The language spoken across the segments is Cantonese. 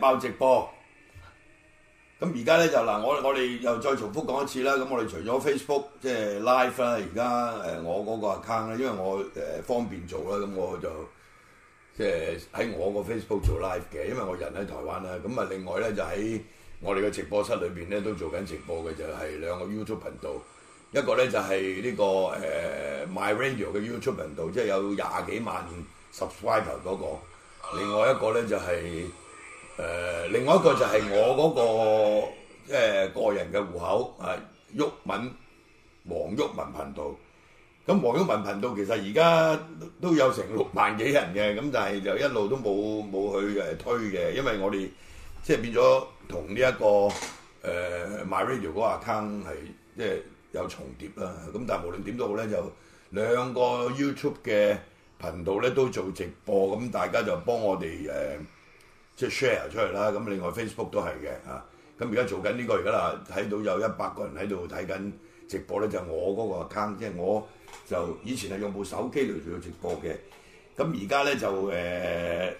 包直播，咁而家咧就嗱，我我哋又再重複講一次啦。咁我哋除咗 Facebook 即係 live 啦，而家誒我嗰個 account 咧，因為我誒方便做啦，咁我就即係喺我個 Facebook 做 live 嘅，因為我人喺台灣啦。咁啊，另外咧就喺我哋嘅直播室裏邊咧都做緊直播嘅，就係、是、兩個 YouTube 頻道，一個咧就係呢、這個誒、呃、MyRadio 嘅 YouTube 頻道，即、就、係、是、有廿幾萬 subscriber 嗰、那個；另外一個咧就係、是。誒、呃，另外一個就係我嗰、那個誒、呃、個人嘅戶口，係、啊、毓民黃毓民頻道。咁黃毓民頻道其實而家都有成六萬幾人嘅，咁但係就一路都冇冇去誒、呃、推嘅，因為我哋即係變咗同呢一個、呃、MyRadio 嗰個 account 係即係有重疊啦。咁、嗯、但係無論點都好咧，就兩個 YouTube 嘅頻道咧都做直播，咁、嗯、大家就幫我哋誒、呃即係 share 出嚟啦，咁另外 Facebook 都係嘅嚇，咁而家做緊呢個而家啦，睇到有一百個人喺度睇緊直播咧，就係我嗰個 account，即係我就以前係用部手機嚟做直播嘅，咁而家咧就誒、呃、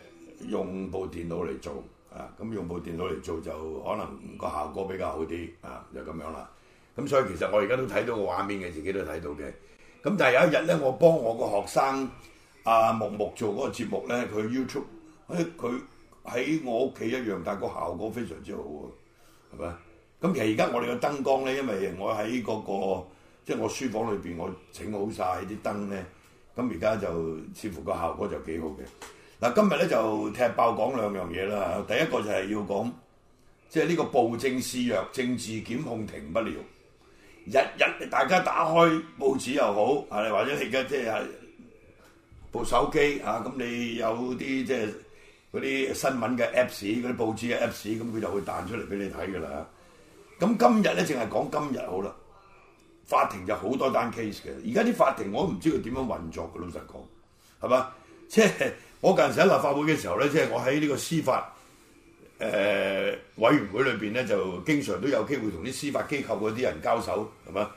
用部電腦嚟做，啊，咁用部電腦嚟做就可能個效果比較好啲，啊，就咁樣啦。咁所以其實我而家都睇到個畫面嘅，自己都睇到嘅。咁但係有一日咧，我幫我個學生阿、啊、木木做嗰個節目咧，佢 YouTube，誒、哎、佢。喺我屋企一樣，但係個效果非常之好喎，係咪？咁其實而家我哋嘅燈光咧，因為我喺嗰、那個即係、就是、我書房裏邊，我整好晒啲燈咧，咁而家就似乎個效果就幾好嘅。嗱、嗯，今日咧就踢爆講兩樣嘢啦，第一個就係要講，即係呢個暴政肆虐政治檢控停不了，日日大家打開報紙又好，係或者你而家即係部手機啊，咁你有啲即係。就是嗰啲新聞嘅 Apps、嗰啲報紙嘅 Apps，咁佢就會彈出嚟俾你睇㗎啦。咁今日咧，淨係講今日好啦。法庭就好多單 case 嘅，而家啲法庭我都唔知佢點樣運作嘅，老實講，係嘛？即係我近時喺立法會嘅時候咧，即係我喺呢個司法誒、呃、委員會裏邊咧，就經常都有機會同啲司法機構嗰啲人交手，係嘛？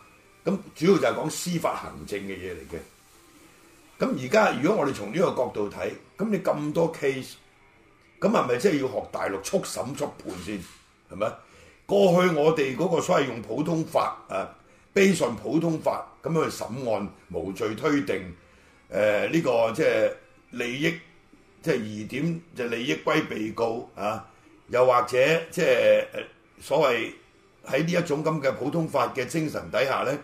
咁主要就係講司法行政嘅嘢嚟嘅。咁而家如果我哋從呢個角度睇，咁你咁多 case？咁係咪即係要學大陸速審速判先？係咪？過去我哋嗰個所謂用普通法啊，秉承普通法咁去審案，無罪推定。誒呢個即係利益，即係疑點，就利益歸被告啊。又或者即係所謂喺呢一種咁嘅普通法嘅精神底下咧，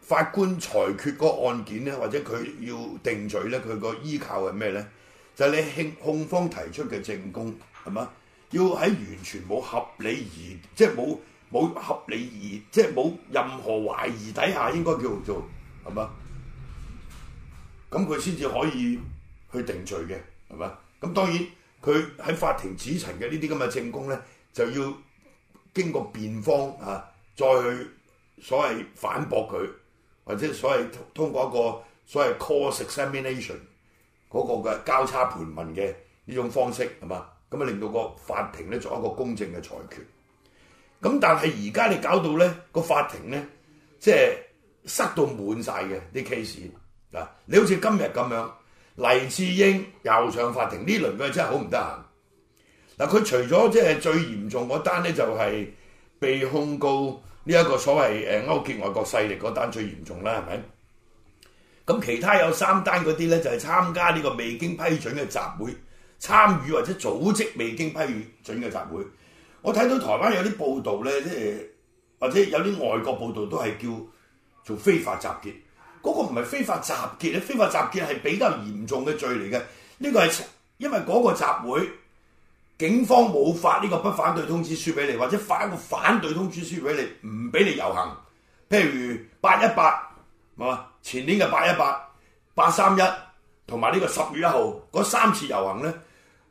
法官裁決嗰個案件咧，或者佢要定罪咧，佢個依靠係咩咧？就係你控方提出嘅證供係嘛？要喺完全冇合理而，即係冇冇合理疑，即係冇任何懷疑底下，應該叫做係嘛？咁佢先至可以去定罪嘅係嘛？咁當然佢喺法庭指陳嘅呢啲咁嘅證供咧，就要經過辯方啊，再去所謂反駁佢，或者所謂通過一個所謂 cross examination。嗰個嘅交叉盤問嘅呢種方式係嘛，咁啊令到個法庭咧作一個公正嘅裁決。咁但係而家你搞到咧個法庭咧，即係塞到滿晒嘅啲 case 啊！你好似今日咁樣黎智英又上法庭，呢輪佢真係好唔得閒。嗱，佢除咗即係最嚴重嗰單咧，就係被控告呢一個所謂誒勾結外國勢力嗰單最嚴重啦，係咪？咁其他有三單嗰啲咧，就係參加呢個未經批准嘅集會，參與或者組織未經批准嘅集會。我睇到台灣有啲報道咧，即係或者有啲外國報道都係叫做非法集結。嗰個唔係非法集結咧，非法集結係比較嚴重嘅罪嚟嘅。呢個係因為嗰個集會，警方冇發呢個不反對通知書俾你，或者發一個反對通知書俾你，唔俾你遊行。譬如八一八，係嘛！前年嘅八一八、八三一同埋呢個十月一號嗰三次遊行咧，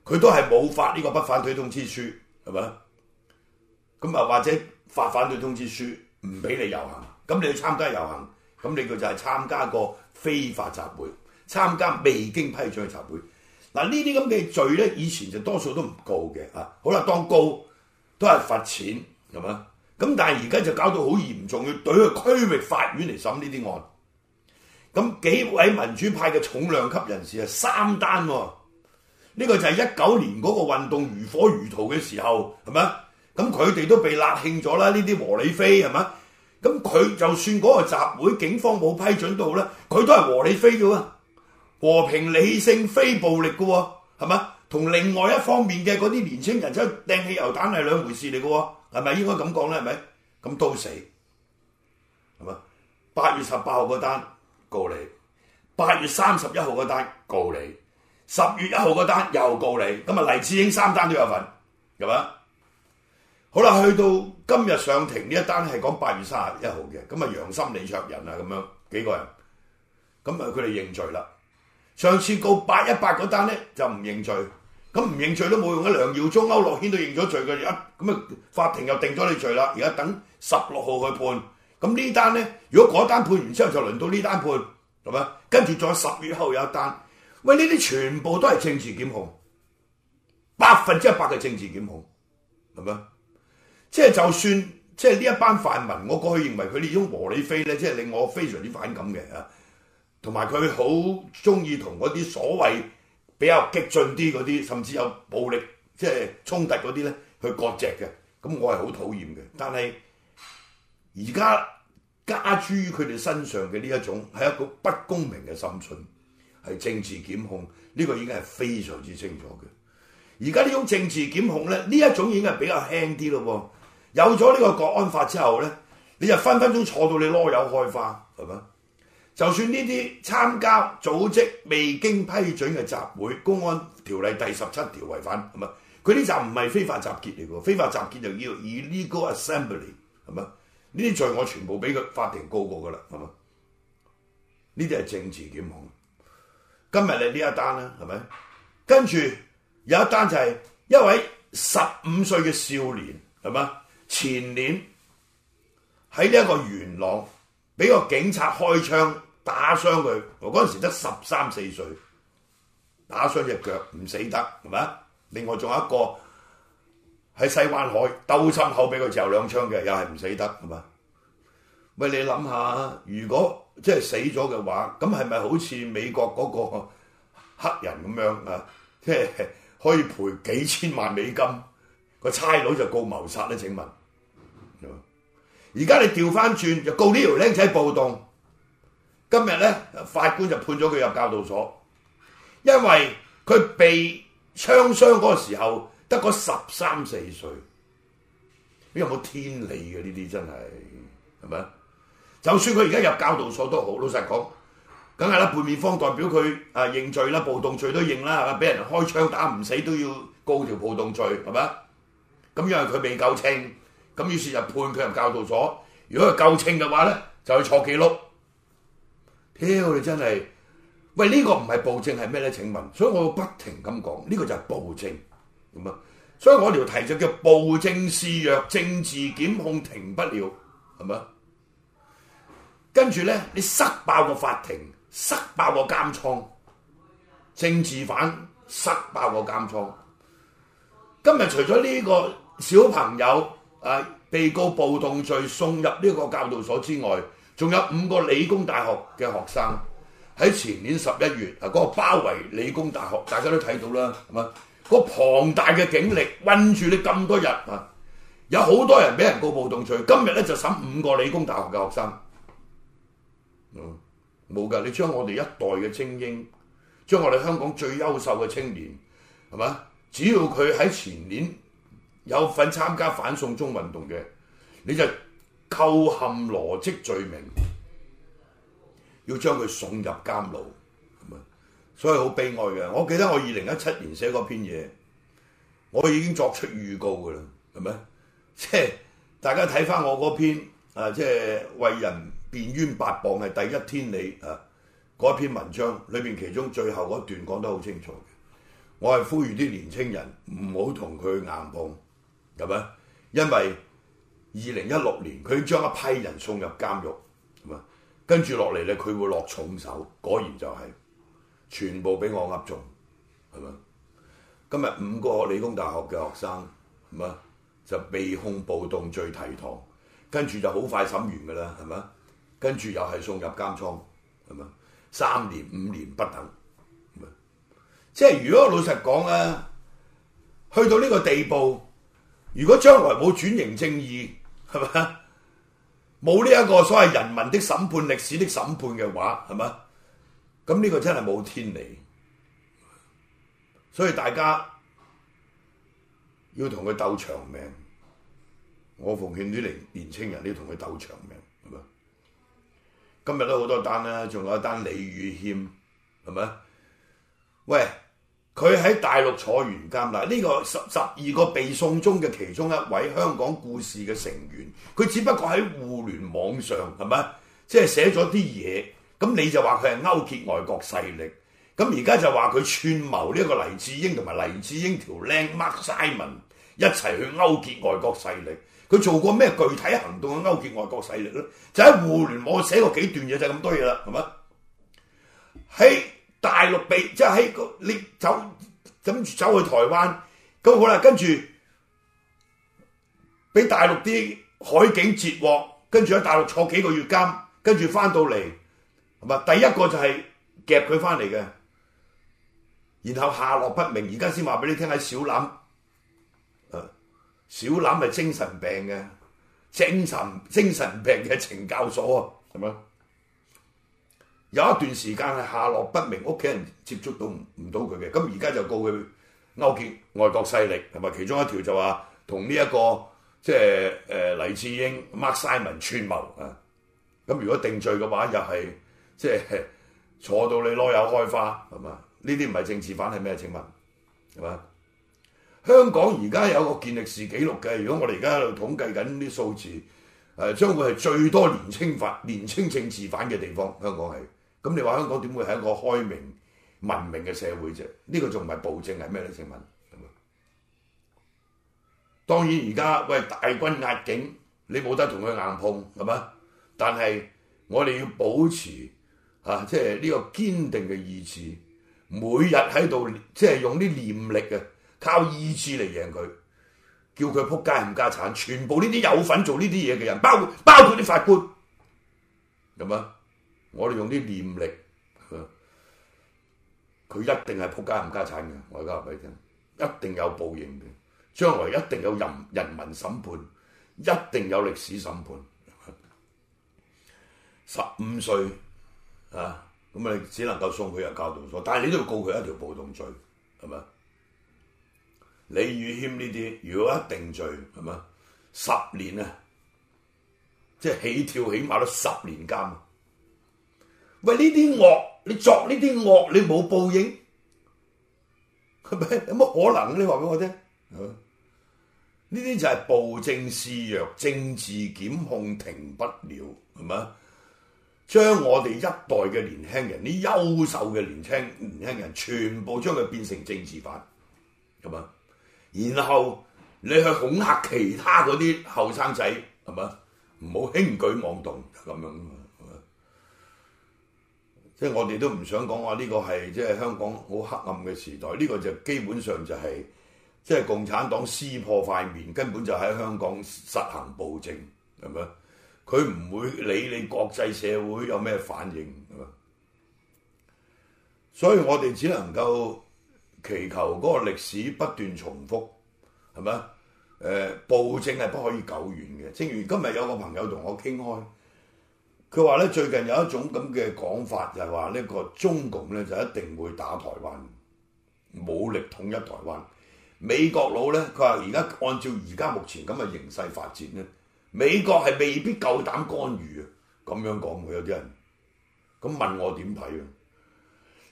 佢都係冇發呢個不反對通知書，係咪？咁啊，或者發反對通知書唔俾你遊行，咁你去參加遊行，咁你佢就係參加個非法集會，參加未經批准嘅集會。嗱呢啲咁嘅罪咧，以前就多數都唔告嘅嚇。好啦，當告都係罰錢，係咪？咁但係而家就搞到好嚴重，要對去區域法院嚟審呢啲案。咁幾位民主派嘅重量級人士啊，三單喎，呢個就係一九年嗰個運動如火如荼嘅時候，係咪啊？咁佢哋都被拉興咗啦，呢啲和理非係咪啊？咁佢就算嗰個集會警方冇批准到咧，佢都係和理非嘅喎，和平理性非暴力嘅喎，係咪啊？同另外一方面嘅嗰啲年青人走去掟汽油彈係兩回事嚟嘅喎，係咪應該咁講咧？係咪？咁都死係咪啊？八月十八號嗰單。告你八月三十一號嗰單告你十月一號嗰單又告你咁啊黎智英三單都有份，係咪？好啦，去到今日上庭呢一單係講八月三十一號嘅，咁啊楊森李卓人啊咁樣幾個人，咁啊佢哋認罪啦。上次告八一八嗰單咧就唔認罪，咁唔認罪都冇用啊！梁耀忠區諾軒都認咗罪嘅，一咁啊法庭又定咗你罪啦，而家等十六號去判。咁呢單咧，如果嗰單判完之後就輪到呢單判，係咪？跟住再十月後有一單，喂！呢啲全部都係政治檢控，百分之一百嘅政治檢控，係咪？即係就算即係呢一班泛民，我過去認為佢呢種和理非咧，即係令我非常之反感嘅啊。同埋佢好中意同嗰啲所謂比較激進啲嗰啲，甚至有暴力即係衝突嗰啲咧去割席嘅，咁我係好討厭嘅。但係，而家加諸於佢哋身上嘅呢一種，係一個不公平嘅審訊，係政治檢控，呢個已經係非常之清楚嘅。而家呢種政治檢控咧，呢一種已經係比較輕啲咯。有咗呢個國安法之後咧,你就分分鐘坐到你囉柚開花，係嘛？就算呢啲參加組織未經批准嘅集會，公安條例第十七條違反，係嘛？佢呢集唔係非法集結嚟嘅，非法集結就要 illegal assembly，係嘛？呢啲罪我全部俾佢法庭告過噶啦，係嘛？呢啲係政治檢控。今日你呢一單啦，係咪？跟住有一單就係一位十五歲嘅少年，係嘛？前年喺呢一個元朗俾個警察開槍打傷佢，嗰陣時得十三四歲，打傷隻腳唔死得，係咪？另外仲有一個。喺西灣海兜心口俾佢射兩槍嘅，又係唔死得，係嘛？喂，你諗下，如果即係死咗嘅話，咁係咪好似美國嗰個黑人咁樣啊？即係可以賠幾千萬美金，個差佬就告謀殺咧？請問，而家你調翻轉就告呢條僆仔暴動，今日咧法官就判咗佢入教導所，因為佢被槍傷嗰個時候。得個十三四歲，邊有冇天理嘅呢啲真係係咪？就算佢而家入教導所都好，老實講，梗係啦。背面方代表佢啊認罪啦，暴動罪都認啦，俾人開槍打唔死都要告條暴動罪係咪啊？咁因為佢未夠稱，咁於是就判佢入教導所。如果佢夠稱嘅話咧，就去坐幾碌。屌、欸、你真係喂呢、呢個唔係暴政係咩咧？請問，所以我會不停咁講呢個就係暴政。咁啊！所以我條題就叫暴政肆虐，政治檢控停不了，係咪？跟住咧，你塞爆個法庭，塞爆個監倉，政治犯塞爆個監倉。今日除咗呢個小朋友誒、啊、被告暴動罪送入呢個教導所之外，仲有五個理工大學嘅學生喺前年十一月啊嗰、那個包圍理工大學，大家都睇到啦，係咪？個龐大嘅警力困住你咁多日啊！有好多人俾人告暴動罪，今日呢就審五個理工大學嘅學生。冇、嗯、噶，你將我哋一代嘅精英，將我哋香港最優秀嘅青年，係嘛？只要佢喺前年有份參加反送中運動嘅，你就構陷羅織罪名，要將佢送入監牢。所以好悲哀嘅，我記得我二零一七年寫嗰篇嘢，我已經作出預告噶啦，係咪？即係大家睇翻我嗰篇啊，即係為人辯冤白謗係第一天理啊，嗰篇文章裏面，其中最後嗰段講得好清楚嘅，我係呼籲啲年青人唔好同佢硬碰，係咪？因為二零一六年佢將一批人送入監獄，係咪？跟住落嚟咧，佢會落重手，果然就係、是。全部俾我講中，係咪？今日五個理工大學嘅學生，咁啊就被控暴動罪提堂，跟住就好快審完噶啦，係咪？跟住又係送入監倉，係咪？三年五年不等，即係如果我老實講啊，去到呢個地步，如果將來冇轉型正義，係咪？冇呢一個所謂人民的審判、歷史的審判嘅話，係咪？咁呢個真係冇天理，所以大家要同佢鬥長命。我奉勸啲年年青人都要同佢鬥長命，係咪？今日都好多單啦，仲有一單李宇軒，係咪？喂，佢喺大陸坐完監啦，呢個十十二個被送中嘅其中一位香港故事嘅成員，佢只不過喺互聯網上，係咪？即係寫咗啲嘢。咁你就話佢係勾結外國勢力，咁而家就話佢串謀呢一個黎智英同埋黎智英條靚 Mark Simon 一齊去勾結外國勢力，佢做過咩具體行動去勾結外國勢力咧？就喺互聯網寫過幾段嘢就咁多嘢啦，係咪？喺大陸被即係喺你走咁走去台灣，咁好啦，跟住俾大陸啲海警截獲，跟住喺大陸坐幾個月監，跟住翻到嚟。唔係，第一個就係夾佢翻嚟嘅，然後下落不明，而家先話俾你聽，喺小欖，誒、呃，小欖係精神病嘅，精神精神病嘅懲教所啊，係咪？有一段時間係下落不明，屋企人接觸到唔唔到佢嘅，咁而家就告佢勾結外國勢力，係咪？其中一條就話同呢一個即係誒黎智英 Mark Simon 串謀啊，咁如果定罪嘅話，又係。即係坐到你羅柚開花，係嘛？呢啲唔係政治犯係咩？請問係嘛？香港而家有個健力士紀錄嘅，如果我哋而家喺度統計緊啲數字，誒、呃、將會係最多年青犯、年青政治犯嘅地方，香港係。咁你話香港點會係一個開明文明嘅社會啫？呢、這個仲唔係暴政係咩咧？請問，當然而家喂大軍壓境，你冇得同佢硬碰係嘛？但係我哋要保持。啊！即係呢個堅定嘅意志，每日喺度即係用啲念力嘅，靠意志嚟贏佢，叫佢撲街冚家產。全部呢啲有份做呢啲嘢嘅人，包括包括啲法官，咁啊！我哋用啲念力，佢、啊、一定係撲街冚家產嘅。我而家話俾你聽，一定有報應嘅，將來一定有人人民審判，一定有歷史審判。十五歲。啊，咁你只能夠送佢入教導所，但係你都要告佢一條暴動罪，係咪？李宇軒呢啲如果一定罪，係咪？十年啊，即係起跳起碼都十年監，啊。喂，呢啲惡你作呢啲惡，你冇報應，係咪？有乜可能？你話俾我聽，呢啲就係暴政肆虐，政治檢控停不了，係咪？將我哋一代嘅年輕人，啲優秀嘅年輕年輕人，全部將佢變成政治犯，咁樣，然後你去恐嚇其他嗰啲後生仔，係咪？唔好輕舉妄動，咁樣。即係我哋都唔想講話呢個係即係香港好黑暗嘅時代，呢個就基本上就係即係共產黨撕破塊面，根本就喺香港實行暴政，係咪？佢唔會理你國際社會有咩反應，所以我哋只能夠祈求嗰個歷史不斷重複，係咪啊？誒，暴政係不可以久遠嘅。正如今日有個朋友同我傾開，佢話咧最近有一種咁嘅講法，就係話呢個中共咧就一定會打台灣，武力統一台灣。美國佬咧，佢話而家按照而家目前咁嘅形勢發展咧。美國係未必夠膽干預啊！咁樣講會有啲人，咁問我點睇啊？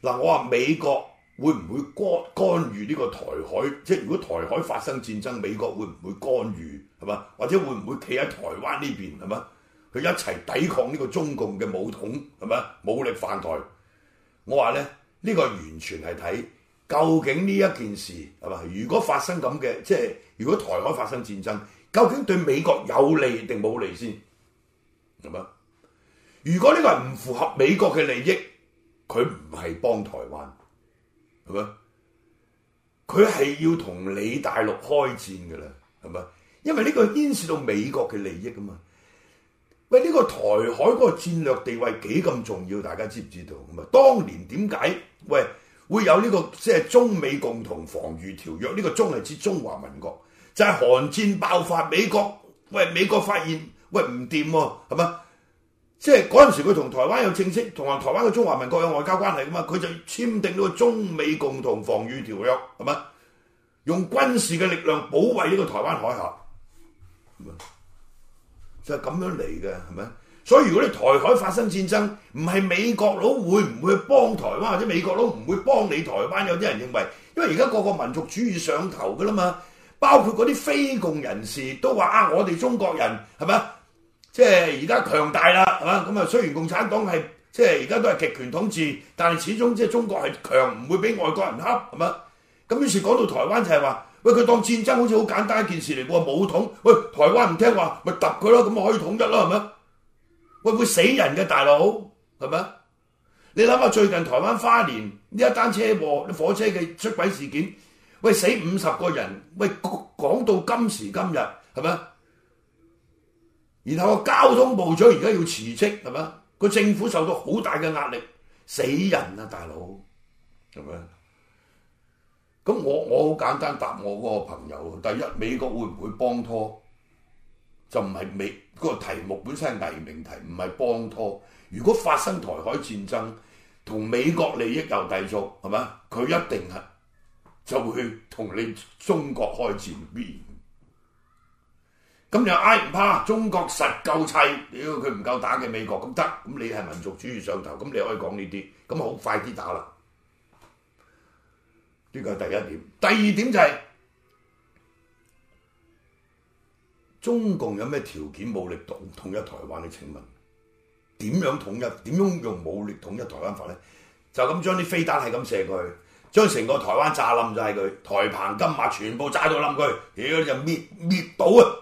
嗱，我話美國會唔會干幹預呢個台海？即係如果台海發生戰爭，美國會唔會干預？係嘛？或者會唔會企喺台灣呢邊？係嘛？佢一齊抵抗呢個中共嘅武統係嘛？武力犯台。我話咧，呢個完全係睇究竟呢一件事係嘛？如果發生咁嘅，即係如果台海發生戰爭。究竟對美國有利定冇利先？係咪？如果呢個唔符合美國嘅利益，佢唔係幫台灣，係咪？佢係要同你大陸開戰㗎啦，係咪？因為呢個牽涉到美國嘅利益啊嘛。喂，呢個台海嗰個戰略地位幾咁重要？大家知唔知道？咁啊，當年點解喂會有呢個即係中美共同防禦條約？呢個中係指中華民國。就係韓戰爆發，美國喂美國發現喂唔掂喎，係嘛、啊？即係嗰陣時佢同台灣有正式同埋台灣嘅中華民國有外交關係噶嘛，佢就簽訂咗個中美共同防禦條約，係嘛？用軍事嘅力量保衞呢個台灣海峽，就係、是、咁樣嚟嘅，係咪？所以如果你台海發生戰爭，唔係美國佬會唔會幫台灣，或者美國佬唔會幫你台灣？有啲人認為，因為而家個個民族主義上頭噶啦嘛。包括嗰啲非共人士都話啊，我哋中國人係咪啊？即係而家強大啦，係咪啊？咁啊，雖然共產黨係即係而家都係極權統治，但係始終即係中國係強，唔會俾外國人恰，係咪？咁於是講到台灣就係話，喂佢當戰爭好似好簡單一件事嚟，佢話武統，喂台灣唔聽話，咪揼佢咯，咁咪可以統一咯，係咪？喂，會死人嘅大佬係咪啊？你諗下最近台灣花蓮呢一單車禍，啲火車嘅出軌事件。喂，死五十個人，喂，講到今時今日，係咪？然後個交通部長而家要辭職，係咪？個政府受到好大嘅壓力，死人啊，大佬，係咪？咁我我好簡單答我嗰個朋友，第一，美國會唔會幫拖？就唔係美、嗰個題目本身係偽命題，唔係幫拖。如果發生台海戰爭，同美國利益有抵觸，係咪？佢一定係。就會去同你中國開戰面，咁又挨唔怕？中國實夠砌，屌佢唔夠打嘅美國咁得？咁你係民族主義上頭，咁你可以講呢啲，咁好快啲打啦。呢個係第一點，第二點就係中共有咩條件武力統一台灣？你請問點樣統一？點樣用武力統一台灣法咧？就咁將啲飛彈係咁射過去。將成個台灣炸冧晒佢，台澎金馬全部炸到冧佢，屌、哎、就滅滅島啊！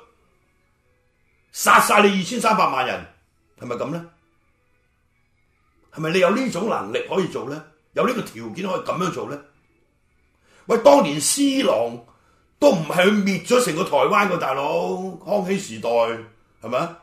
殺晒你二千三百萬人，係咪咁咧？係咪你有呢種能力可以做咧？有呢個條件可以咁樣做咧？喂，當年施琅都唔係去滅咗成個台灣嘅大佬，康熙時代係咪啊？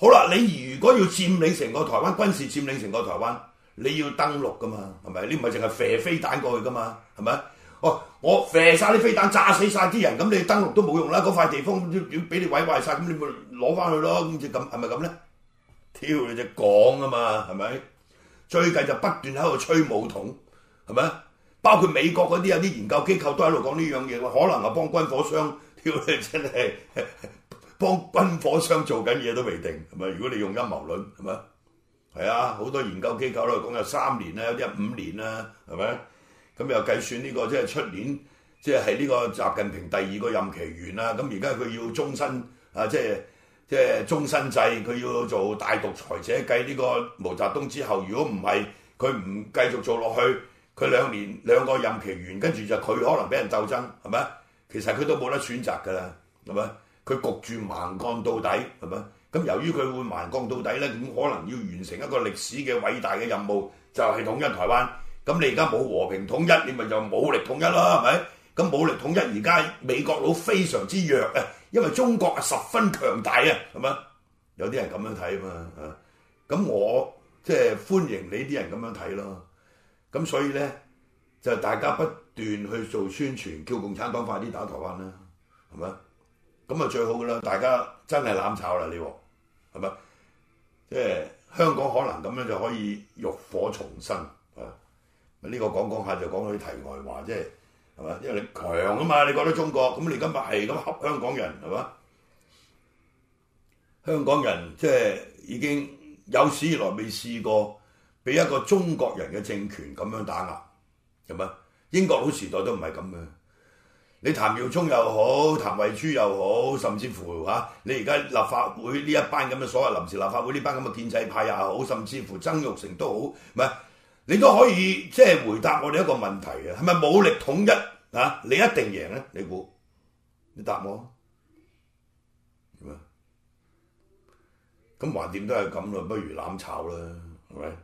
好啦，你如果要佔領成個台灣，軍事佔領成個台灣。你要登陸噶嘛，係咪？你唔係淨係射飛彈過去噶嘛，係咪？哦，我射晒啲飛彈炸死晒啲人，咁你登陸都冇用啦。嗰塊地方要要俾你毀壞晒，咁你咪攞翻去咯。咁就咁係咪咁咧？屌你就講啊嘛，係咪？最近就不斷喺度吹武統，係咪？包括美國嗰啲有啲研究機構都喺度講呢樣嘢，可能係幫軍火商，屌你真係幫軍火商做緊嘢都未定，係咪？如果你用陰謀論，係咪？係啊，好多研究機構都講有三年啦，有啲五年啦，係咪？咁又計算呢個即係出年，即係係呢個習近平第二個任期完啦。咁而家佢要終身啊，即係即係終身制，佢要做大獨裁者計呢個毛澤東之後。如果唔係，佢唔繼續做落去，佢兩年兩個任期完，跟住就佢可能俾人鬥爭，係咪？其實佢都冇得選擇㗎啦，係咪？佢焗住盲幹到底，係咪？咁由於佢會橫降到底咧，咁可能要完成一個歷史嘅偉大嘅任務，就係統一台灣。咁你而家冇和平統一，你咪就武力統一啦，係咪？咁武力統一而家美國佬非常之弱嘅，因為中國啊十分強大啊，係咪？有啲人咁樣睇啊嘛，啊！咁我即係歡迎你啲人咁樣睇咯。咁所以咧，就大家不斷去做宣傳，叫共產黨快啲打台灣啦，係咪？咁啊最好噶啦，大家真係攬炒啦你。係咪？即係香港可能咁樣就可以浴火重生啊！呢個講講下就講到啲題外話，即係係咪？因為你強啊嘛，的你覺得中國咁，你而家係咁合香港人係咪？香港人即係已經有史以來未試過俾一個中國人嘅政權咁樣打壓，係咪？英國佬時代都唔係咁嘅。你譚耀宗又好，譚慧珠又好，甚至乎嚇、啊、你而家立法會呢一班咁嘅所謂臨時立法會呢班咁嘅建制派又好，甚至乎曾玉成都好，唔係你都可以即係回答我哋一個問題嘅，係咪武力統一啊？你一定贏咧？你估？你答我？點啊？咁橫掂都係咁啦，不如攬炒啦，係咪？